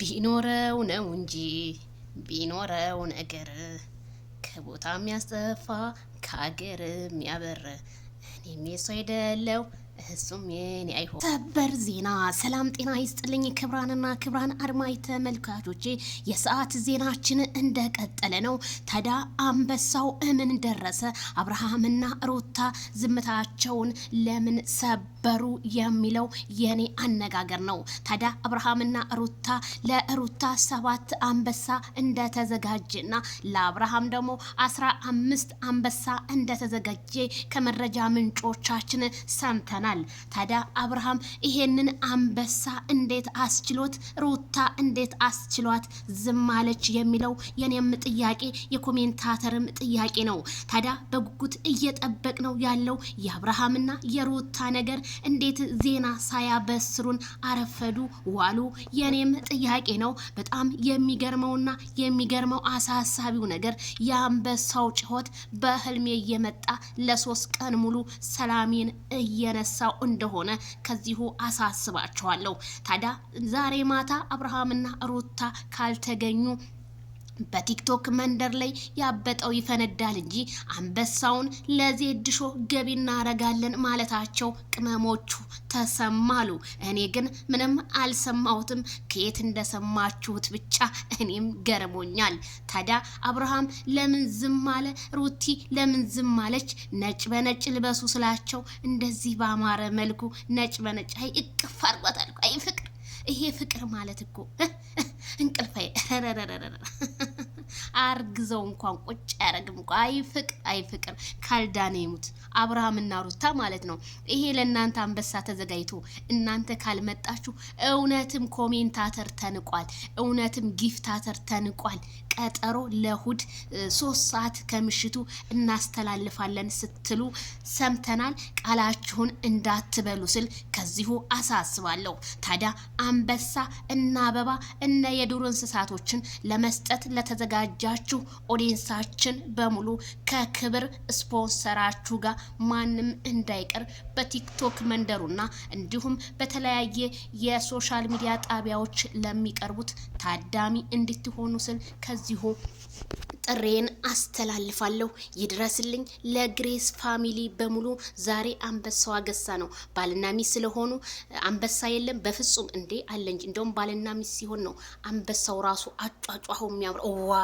ቢኖረው ነው እንጂ ቢኖረው ነገር ከቦታ የሚያስጠፋ ከሀገር የሚያበር እኔም የሱ አይደለው እሱም የኔ አይሆን። ሰበር ዜና። ሰላም ጤና ይስጥልኝ ክብራንና ክብራን አድማጭ ተመልካቾቼ የሰዓት ዜናችን እንደቀጠለ ነው። ታዲያ አንበሳው እምን ደረሰ? አብርሃምና ሩታ ዝምታቸውን ለምን ሰበሩ የሚለው የኔ አነጋገር ነው። ታዲያ አብርሃምና ሩታ ለሩታ ሰባት አንበሳ እንደተዘጋጀና ለአብርሃም ደግሞ አስራ አምስት አንበሳ እንደተዘጋጀ ከመረጃ ምንጮቻችን ሰምተናል። ይሆናል። ታዲያ አብርሃም ይሄንን አንበሳ እንዴት አስችሎት ሩታ እንዴት አስችሏት ዝም አለች የሚለው የኔም ጥያቄ የኮሜንታተርም ጥያቄ ነው። ታዲያ በጉጉት እየጠበቅ ነው ያለው የአብርሃምና የሩታ ነገር እንዴት ዜና ሳያበስሩን አረፈዱ ዋሉ? የኔም ጥያቄ ነው። በጣም የሚገርመውና የሚገርመው አሳሳቢው ነገር የአንበሳው ጭሆት በህልሜ እየመጣ ለሶስት ቀን ሙሉ ሰላሜን እየነሳ ሰው እንደሆነ ከዚሁ አሳስባቸዋለሁ። ታዲያ ዛሬ ማታ አብርሃምና ሩታ ካልተገኙ በቲክቶክ መንደር ላይ ያበጠው ይፈነዳል እንጂ አንበሳውን ለዜድ ሾ ገቢ እናረጋለን ማለታቸው ቅመሞቹ ተሰማሉ። እኔ ግን ምንም አልሰማሁትም። ከየት እንደሰማችሁት ብቻ እኔም ገርሞኛል። ታዲያ አብርሃም ለምን ዝም አለ? ሩቲ ለምን ዝም አለች? ነጭ በነጭ ልበሱ ስላቸው እንደዚህ ባማረ መልኩ ነጭ በነጭ አይ እቅፍ አርጓታል። አይ ፍቅር፣ ይሄ ፍቅር ማለት እኮ እንቅልፋይ አርግዘው እንኳን ቁጭ አያረግም እኮ አይፍቅ አይፍቅር ካልዳነ ይሙት አብርሃምና ሩታ ማለት ነው። ይሄ ለእናንተ አንበሳ ተዘጋጅቶ እናንተ ካልመጣችሁ እውነትም ኮሜንታተር ተንቋል፣ እውነትም ጊፍታተር ተንቋል። ቀጠሮ ለእሁድ ሶስት ሰዓት ከምሽቱ እናስተላልፋለን ስትሉ ሰምተናል። ቃላችሁን እንዳትበሉ ስል ከዚሁ አሳስባለሁ። ታዲያ አንበሳ እና አበባ እና የዱር እንስሳቶችን ለመስጠት ለተዘጋጃችሁ ኦዲንሳችን በሙሉ ከክብር ስፖንሰራችሁ ጋር ማንም እንዳይቀር በቲክቶክ መንደሩና እንዲሁም በተለያየ የሶሻል ሚዲያ ጣቢያዎች ለሚቀርቡት ታዳሚ እንድትሆኑ ስል ከዚ በዚሁ ጥሬን አስተላልፋለሁ። ይድረስልኝ ለግሬስ ፋሚሊ በሙሉ። ዛሬ አንበሳው አገሳ ነው። ባልና ሚስት ስለሆኑ አንበሳ የለም በፍጹም እንዴ አለ እንጂ። እንደውም ባልና ሚስት ሲሆን ነው አንበሳው ራሱ አጫጫሁ የሚያምረው ዋ